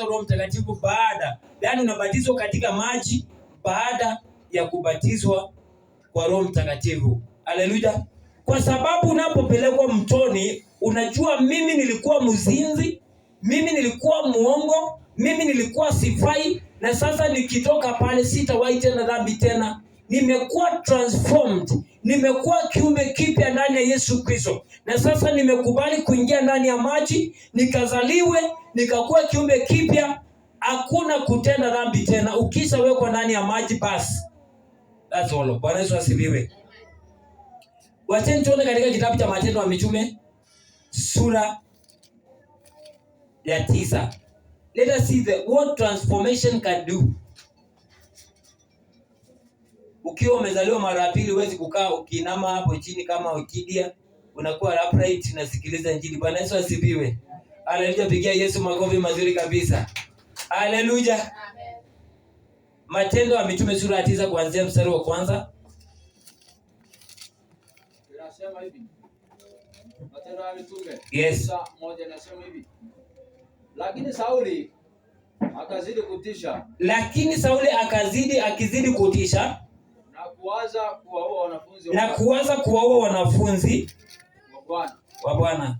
Roho Mtakatifu baada, yaani unabatizwa katika maji baada ya kubatizwa kwa Roho Mtakatifu. Haleluya! Kwa sababu unapopelekwa mtoni, unajua mimi nilikuwa mzinzi, mimi nilikuwa muongo, mimi nilikuwa sifai, na sasa nikitoka pale sitawahi tena dhambi tena, nimekuwa transformed nimekuwa kiume kipya ndani ya Yesu Kristo, na sasa nimekubali kuingia ndani ya maji, nikazaliwe, nikakuwa kiume kipya. Hakuna kutenda dhambi tena wekwa ndani ya maji, basi that's all. Bwana Yesu asifiwe. Wacheni tuone katika kitabu cha Matendo ya Mitume sura ya tisa. Let us see the what transformation can do ukiwa umezaliwa mara ya pili, huwezi kukaa ukinama hapo chini kama ukidia, unakuwa upright, nasikiliza injili. Bwana Yesu asifiwe. Haleluya, pigia Yesu makofi mazuri kabisa. Haleluya. Matendo ya Mitume sura ya tisa kuanzia mstari wa kwanza. Yes. Lakini Sauli akazidi kutisha, lakini Sauli akazidi akizidi kutisha na kuwaza kuwaua wanafunzi wa Bwana